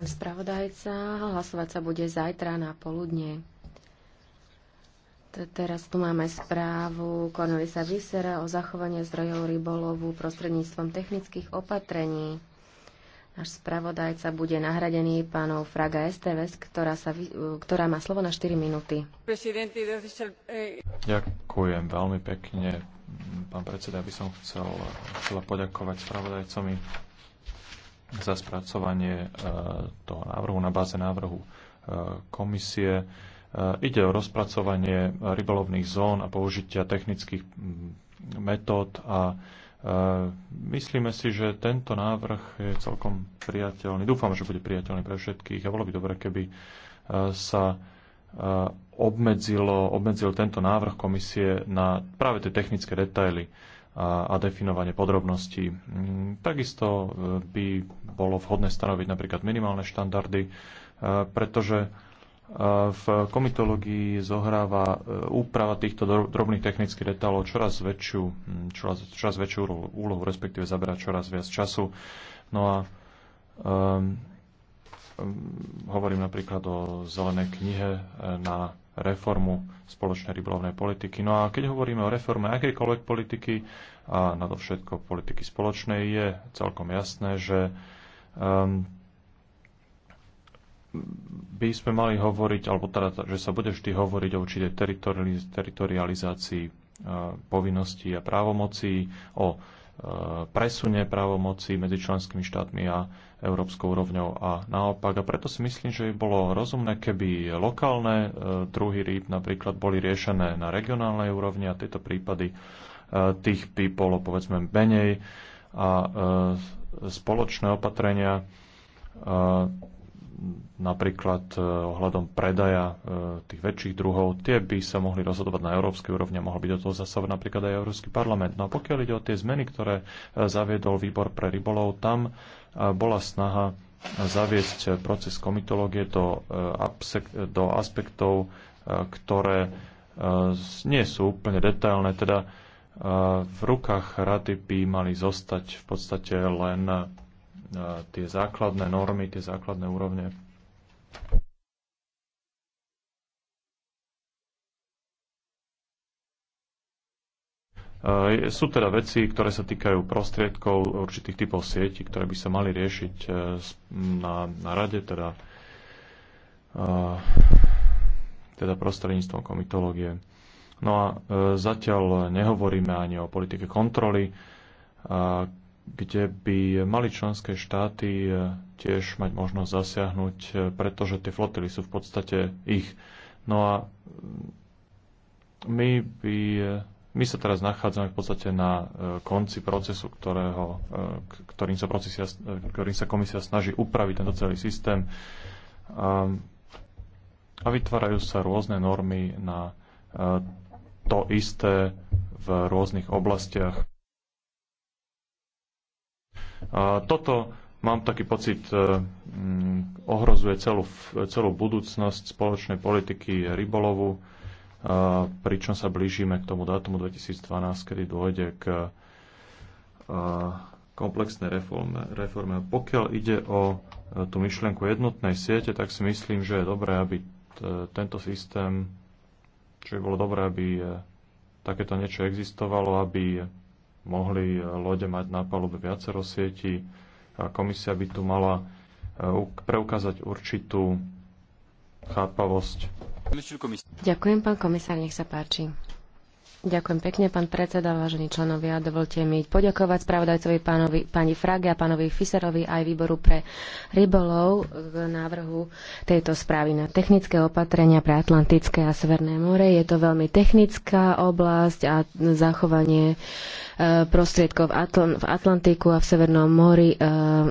Spravodajca, hlasovať sa bude zajtra na poludne. Teraz tu máme správu Cornelisa Vysera o zachovanie zdrojov rybolovu prostredníctvom technických opatrení. Náš spravodajca bude nahradený pánov Fraga Esteves, ktorá, sa, ktorá má slovo na 4 minúty. Eh, Ďakujem veľmi pekne. Pán predseda, by som chcel, chcela poďakovať spravodajcovi za spracovanie e, toho návrhu na báze návrhu e, komisie. E, ide o rozpracovanie rybolovných zón a použitia technických mm, metód a myslíme si, že tento návrh je celkom priateľný. Dúfam, že bude priateľný pre všetkých a bolo by dobré, keby sa obmedzilo, obmedzil tento návrh komisie na práve tie technické detaily a, a definovanie podrobností. Mm, takisto e, by bolo vhodné stanoviť napríklad minimálne štandardy, e, pretože e, v komitológii zohráva úprava týchto drobných technických detálov čoraz väčšiu, čoraz, čoraz väčšiu úlohu, respektíve zabera čoraz viac času. No a um, hovorím napríklad o zelenej knihe na reformu spoločnej rybolovnej politiky. No a keď hovoríme o reforme akejkoľvek politiky a nadovšetko politiky spoločnej, je celkom jasné, že um, by sme mali hovoriť, alebo teda, že sa bude vždy hovoriť o určitej teritorializácii uh, povinností a právomocí, o Eh, presune právomoci medzi členskými štátmi a európskou rovňou a naopak. A preto si myslím, že by bolo rozumné, keby lokálne eh, druhy rýb napríklad boli riešené na regionálnej úrovni a tieto prípady eh, tých by bolo povedzme menej a spoločné opatrenia napríklad eh, ohľadom predaja eh, tých väčších druhov, tie by sa mohli rozhodovať na európskej úrovni a mohol byť do toho zasahovať napríklad aj Európsky parlament. No a pokiaľ ide o tie zmeny, ktoré eh, zaviedol výbor pre rybolov, tam bola snaha zaviesť proces komitológie do, do aspektov, ktoré nie sú úplne detailné, teda v rukách rady by mali zostať v podstate len tie základné normy, tie základné úrovne. Sú teda veci, ktoré sa týkajú prostriedkov určitých typov sietí, ktoré by sa mali riešiť e, na, na rade, teda, teda prostredníctvom komitológie. No a e, zatiaľ nehovoríme ani o politike kontroly, kde by mali členské štáty eh, tiež mať možnosť zasiahnuť, eh, pretože tie flotily sú v podstate ich. No a mm, my, by, eh, my sa teraz nachádzame v podstate na konci procesu, ktorého, ktorým, sa procesia, ktorým sa komisia snaží upraviť tento celý systém. A, a vytvárajú sa rôzne normy na to isté v rôznych oblastiach. Toto, mám taký pocit, e, mm, ohrozuje celú, celú budúcnosť spoločnej politiky rybolovu, e, pričom sa blížime k tomu dátumu 2012, kedy dôjde k e, komplexnej reforme. reforme. Pokiaľ ide o tú myšlienku jednotnej siete, tak si myslím, že je dobré, aby tento systém, čo by bolo dobré, aby takéto niečo existovalo, aby mohli e, lode mať na palube viacero sietí. A komisia by tu mala e, preukázať určitú chápavosť. Ďakujem, pán komisár, nech sa páči. Ďakujem pekne, pán predseda, vážení členovia. Dovolte mi poďakovať spravodajcovi pánovi, pani Frage a pánovi Fiserovi aj výboru pre rybolov k návrhu tejto správy na technické opatrenia pre Atlantické a Severné more. Je to veľmi technická oblasť a zachovanie e, prostriedkov v Atlantiku a v Severnom mori e,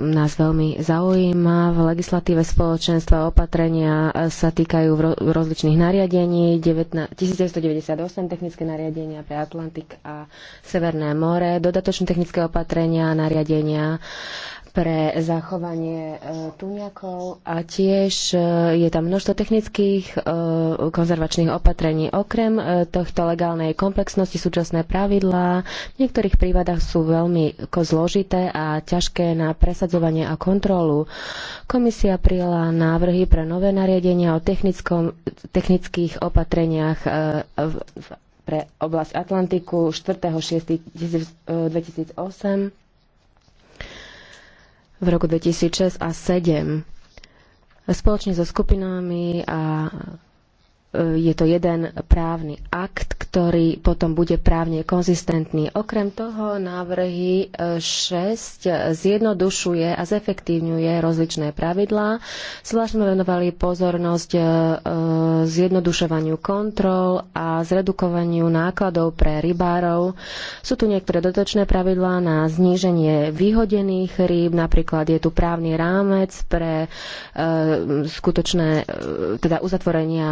nás veľmi zaujíma. V legislatíve spoločenstva opatrenia e, sa týkajú rozličných nariadení, 1998 technické nariadenie nariadenia pre Atlantik a Severné more, dodatočné technické opatrenia, a nariadenia pre zachovanie e, tuniakov a tiež e, je tam množstvo technických e, konzervačných opatrení. Okrem tohto legálnej komplexnosti súčasné pravidlá v niektorých prípadoch sú veľmi zložité a ťažké na presadzovanie a kontrolu. Komisia prijala návrhy pre nové nariadenia o technických opatreniach v pre oblasť Atlantiku 4.6.2008 v roku 2006 a 2007 spoločne so skupinami a je to jeden právny akt, ktorý potom bude právne konzistentný. Okrem toho návrhy 6 e, zjednodušuje a zefektívňuje rozličné pravidlá. Zvlášť sme venovali pozornosť e, e, zjednodušovaniu kontrol a zredukovaniu nákladov pre rybárov. Sú tu niektoré dotočné pravidlá na zníženie vyhodených rýb, napríklad je tu právny rámec pre skutočné teda uzatvorenia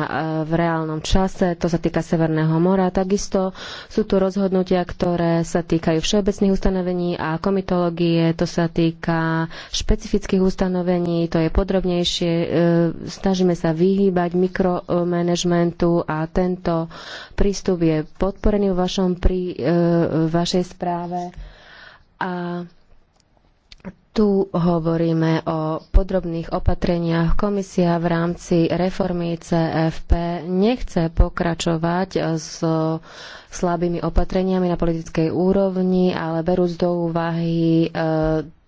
v reálnom čase, to sa týka Severného mora. Takisto sú tu rozhodnutia, ktoré sa týkajú všeobecných ustanovení a komitológie, to sa týka špecifických ustanovení, to je podrobnejšie. E, snažíme sa vyhýbať mikromanagementu a tento prístup je podporený v vašom pri, e, vašej správe. A tu hovoríme o podrobných opatreniach. Komisia v rámci reformy CFP nechce pokračovať s slabými opatreniami na politickej úrovni, ale berúc do úvahy e,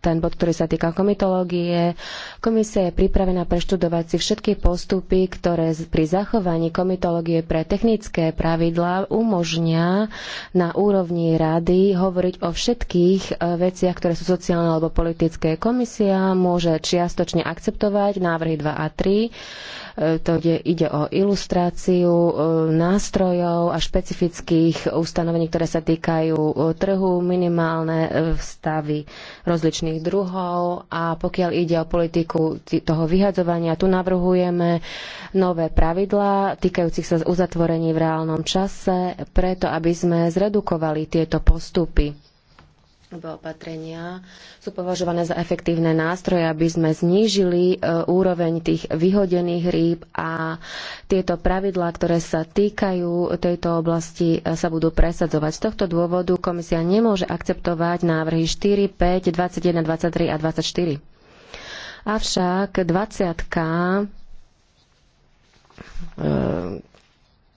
ten bod, ktorý sa týka komitológie. Komisia je pripravená preštudovať si všetky postupy, ktoré pri zachovaní komitológie pre technické pravidlá umožňa na úrovni rady hovoriť o všetkých e, veciach, ktoré sú sociálne alebo politické. Komisia môže čiastočne akceptovať návrhy 2 a 3. E, to ide o ilustráciu e, nástrojov a špecifických ustanovení, ktoré sa týkajú trhu, minimálne stavy rozličných rôznych druhov a pokiaľ ide o politiku toho vyhadzovania, tu navrhujeme nové pravidlá týkajúcich sa uzatvorení v reálnom čase, preto aby sme zredukovali tieto postupy opatrenia sú považované za efektívne nástroje, aby sme znížili e, úroveň tých vyhodených rýb a tieto pravidlá, ktoré sa týkajú tejto oblasti, e, sa budú presadzovať. Z tohto dôvodu komisia nemôže akceptovať návrhy 4, 5, 21, 23 a 24. Avšak 20 e,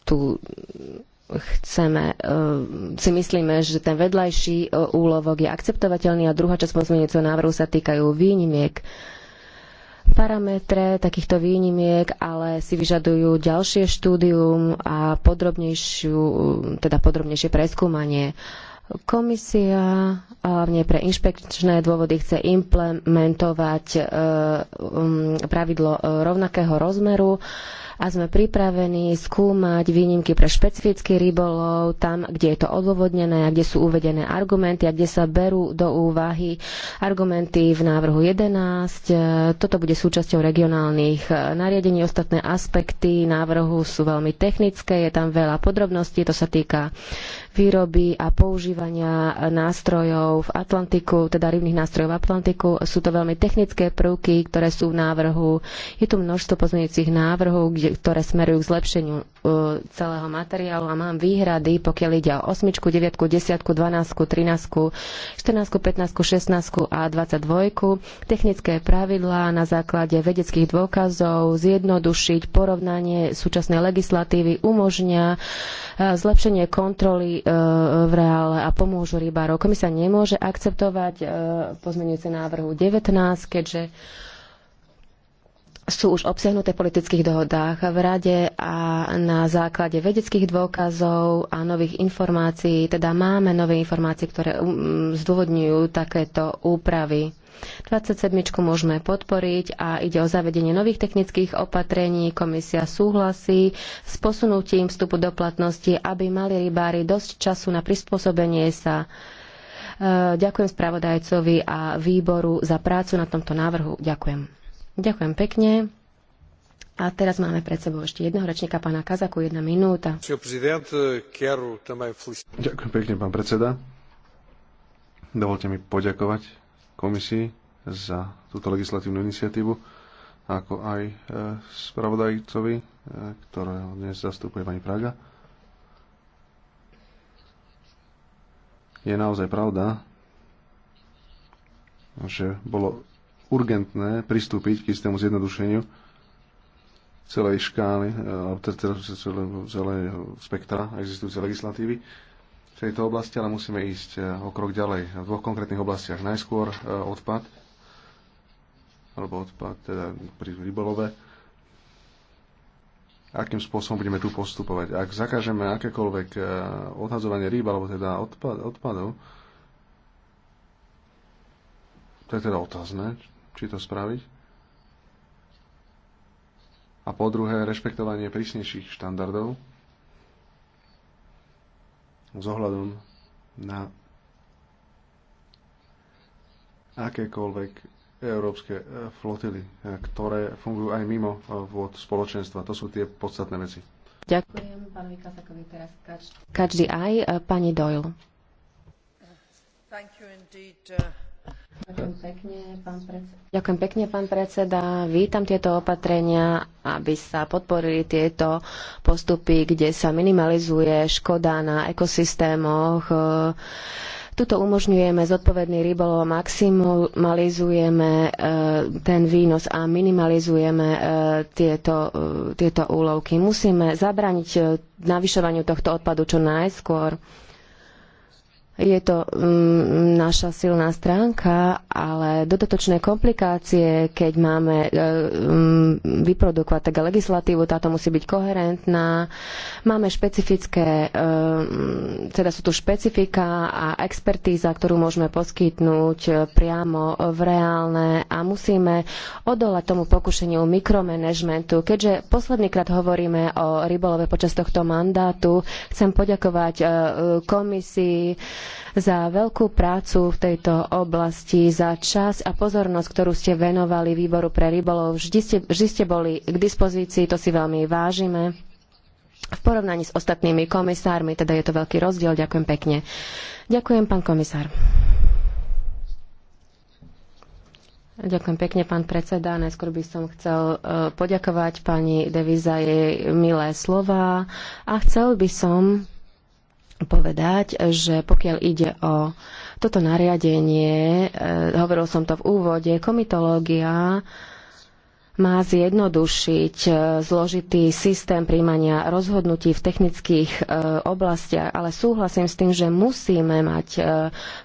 tu chceme, eh, si myslíme, že ten vedľajší eh, úlovok je akceptovateľný a druhá časť pozmeňujúceho návrhu sa týkajú výnimiek parametre takýchto výnimiek, ale si vyžadujú ďalšie štúdium a podrobnejšiu, eh, teda podrobnejšie preskúmanie. Komisia hlavne pre inšpekčné dôvody chce implementovať um, pravidlo rovnakého rozmeru a sme pripravení skúmať výnimky pre špecifický rybolov tam, kde je to odôvodnené a kde sú uvedené argumenty a kde sa berú do úvahy argumenty v návrhu 11. E, Toto bude súčasťou regionálnych e, nariadení. Ostatné aspekty návrhu sú veľmi technické, je tam veľa podrobností, to sa týka výroby a používania nástrojov v Atlantiku, teda rybných nástrojov v Atlantiku. Sú to veľmi technické prvky, ktoré sú v návrhu. Je tu množstvo pozmeňujúcich návrhov, kde ktoré smerujú k zlepšeniu uh, celého materiálu a mám výhrady, pokiaľ ide o 8, 9, 10, 12, 13, 14, 15, 16 a 22. Technické pravidlá na základe vedeckých dôkazov zjednodušiť porovnanie súčasnej legislatívy umožňa uh, zlepšenie kontroly uh, v reále a pomôžu rybárov. Komisia nemôže akceptovať pozmeňujúce návrhu 19, keďže sú už obsiahnuté v politických dohodách v rade a na základe vedeckých dôkazov a nových informácií, teda máme nové informácie, ktoré um, zdôvodňujú takéto úpravy. 27. môžeme podporiť a ide o zavedenie nových technických opatrení. Komisia súhlasí s posunutím vstupu do platnosti, aby mali rybári dosť času na prispôsobenie sa. E, ďakujem spravodajcovi a výboru za prácu na tomto návrhu. Ďakujem. Ďakujem pekne. A teraz máme pred sebou ešte jedného rečníka, pána Kazaku, jedna minúta. Ďakujem pekne, pán predseda. Dovolte mi poďakovať komisii za túto legislatívnu iniciatívu, ako aj e, spravodajcovi, e, ktorého dnes zastupuje pani Praga. Je naozaj pravda, že bolo urgentné pristúpiť k istému zjednodušeniu celej škály, e, teda celého spektra existujúcej legislatívy v tejto oblasti, ale musíme ísť e, o krok ďalej v dvoch konkrétnych oblastiach. Najskôr e, odpad, alebo odpad teda pri rybolove, akým spôsobom budeme tu postupovať. Ak zakážeme akékoľvek odhadzovanie rýb, alebo teda odpad, odpadov, to je teda otázne, či to spraviť. A po druhé, rešpektovanie prísnejších štandardov s ohľadom na akékoľvek európske e, flotily, e, ktoré fungujú aj mimo e, vôd spoločenstva. To sú tie podstatné veci. Ďakujem pánovi Kasakovi teraz každý aj pani Doyle. Thank you indeed, uh... Ďakujem pekne, pán predseda. Ďakujem pekne, pán predseda. Vítam tieto opatrenia, aby sa podporili tieto postupy, kde sa minimalizuje škoda na ekosystémoch. Tuto umožňujeme zodpovedný rybolov, maximalizujeme e, ten výnos a minimalizujeme e, tieto, e, tieto úlovky. Musíme zabraniť navyšovaniu tohto odpadu čo najskôr. Je to um, naša silná stránka ale dodatočné komplikácie, keď máme e, vyprodukovať tak teda legislatívu, táto musí byť koherentná. Máme špecifické, e, teda sú tu špecifika a expertíza, ktorú môžeme poskytnúť e, priamo v reálne a musíme odolať tomu pokušeniu mikromanagementu. Keďže poslednýkrát hovoríme o rybolove počas tohto mandátu, chcem poďakovať komisii za veľkú prácu v tejto oblasti, za za čas a pozornosť, ktorú ste venovali výboru pre rybolov. Vždy ste, vždy ste boli k dispozícii, to si veľmi vážime. V porovnaní s ostatnými komisármi, teda je to veľký rozdiel. Ďakujem pekne. Ďakujem, pán komisár. Ďakujem pekne, pán predseda. Najskôr by som chcel e, poďakovať pani Devi za jej milé slova a chcel by som povedať, že pokiaľ ide o toto nariadenie, eh, hovoril som to v úvode, komitológia má zjednodušiť eh, zložitý systém príjmania rozhodnutí v technických eh, oblastiach, ale súhlasím s tým, že musíme mať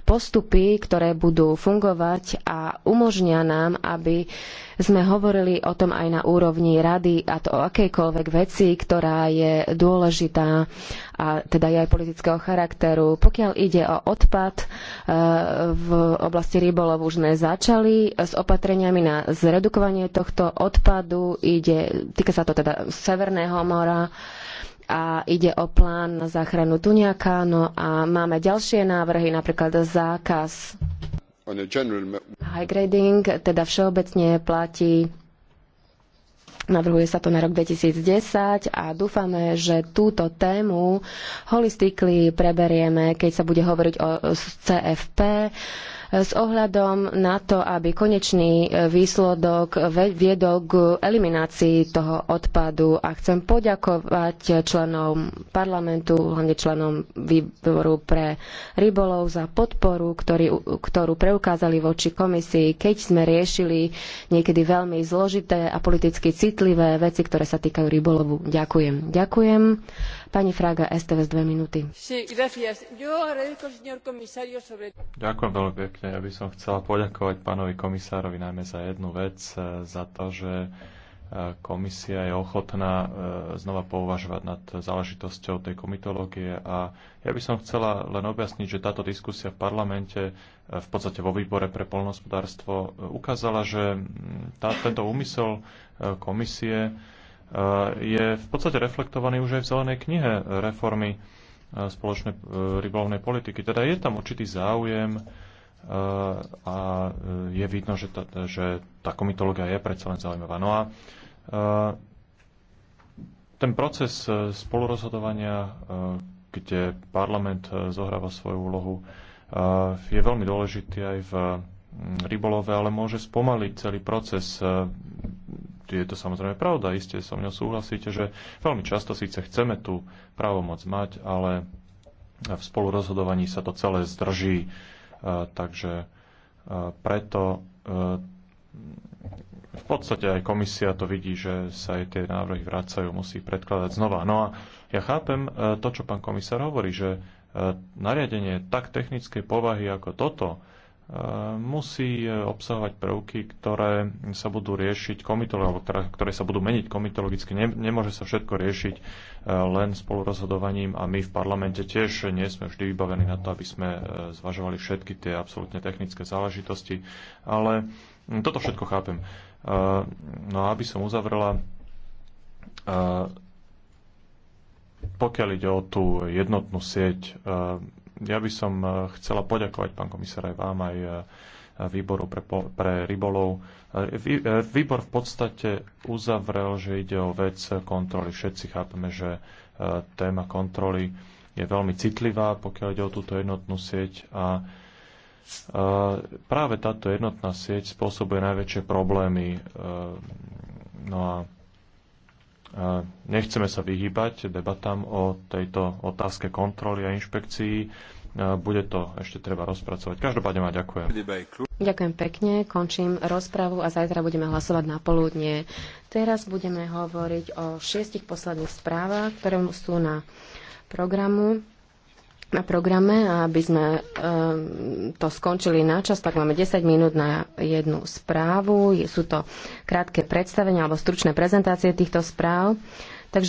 postupy, ktoré budú fungovať a umožnia nám, aby sme hovorili o tom aj na úrovni rady a to o akejkoľvek veci, ktorá je dôležitá a teda je aj politického charakteru. Pokiaľ ide o odpad, e, v oblasti rybolov už sme začali s opatreniami na zredukovanie tohto odpadu. Ide, týka sa to teda Severného mora a ide o plán na záchranu tuniaka. No a máme ďalšie návrhy, napríklad zákaz high grading, teda všeobecne platí Navrhuje sa to na rok 2010 a dúfame, že túto tému holistikly preberieme, keď sa bude hovoriť o CFP s ohľadom na to, aby konečný e, výsledok viedol k eliminácii toho odpadu. A chcem poďakovať členom parlamentu, hlavne členom výboru pre rybolov za podporu, ktorý, ktorú preukázali voči komisii, keď sme riešili niekedy veľmi zložité a politicky citlivé veci, ktoré sa týkajú rybolovu. Ďakujem. Ďakujem. Pani Fraga, STV dve minúty. Ďakujem veľmi pekne. Ja by som chcela poďakovať pánovi komisárovi najmä za jednu vec, e, za to, že e, komisia je ochotná e, znova pouvažovať nad záležitosťou tej komitológie a ja by som chcela len objasniť, že táto diskusia v parlamente, v podstate vo výbore pre polnohospodárstvo, ukázala, že tá, tento úmysel komisie Eh, je v podstate reflektovaný už aj v zelenej knihe reformy eh, spoločnej eh, rybolovnej politiky. Teda je tam určitý záujem a je vidno, že tá, že tá komitológia je predsa len zaujímavá. No a ten proces spolurozhodovania, kde parlament zohráva svoju úlohu, je veľmi dôležitý aj v hm, rybolove, ale môže spomaliť celý proces je to samozrejme pravda, iste so mnou súhlasíte, že veľmi často síce chceme tú právomoc mať, ale v spolurozhodovaní sa to celé zdrží. E, takže e, preto e, v podstate aj komisia to vidí, že sa aj tie návrhy vracajú, musí predkladať znova. No a ja chápem to, čo pán komisár hovorí, že nariadenie tak technickej povahy ako toto, musí eh, obsahovať prvky, ktoré sa budú riešiť komitologou, teda, ktoré, sa budú meniť komitologicky. nemôže sa všetko riešiť eh, len spolurozhodovaním a my v parlamente tiež nie sme vždy vybavení na to, aby sme eh, zvažovali všetky tie absolútne technické záležitosti, ale hm, toto všetko chápem. No a aby som uzavrela, pokiaľ ide o tú jednotnú sieť, ja by som e, chcela poďakovať, pán komisár, aj vám, aj e, výboru pre, pre rybolov. E, výbor v podstate uzavrel, že ide o vec kontroly. Všetci chápeme, že téma kontroly je veľmi citlivá, pokiaľ ide o túto jednotnú sieť a práve táto jednotná sieť spôsobuje najväčšie problémy. No a Nechceme sa vyhýbať debatám o tejto otázke kontroly a inšpekcií. Bude to ešte treba rozpracovať. Každopádne ma ďakujem. Ďakujem pekne, končím rozpravu a zajtra budeme hlasovať na poludnie. Teraz budeme hovoriť o šiestich posledných správach, ktoré sú na programu na programe a aby sme e, to skončili na čas, tak máme 10 minút na jednu správu. Sú to krátke predstavenia alebo stručné prezentácie týchto správ. Takže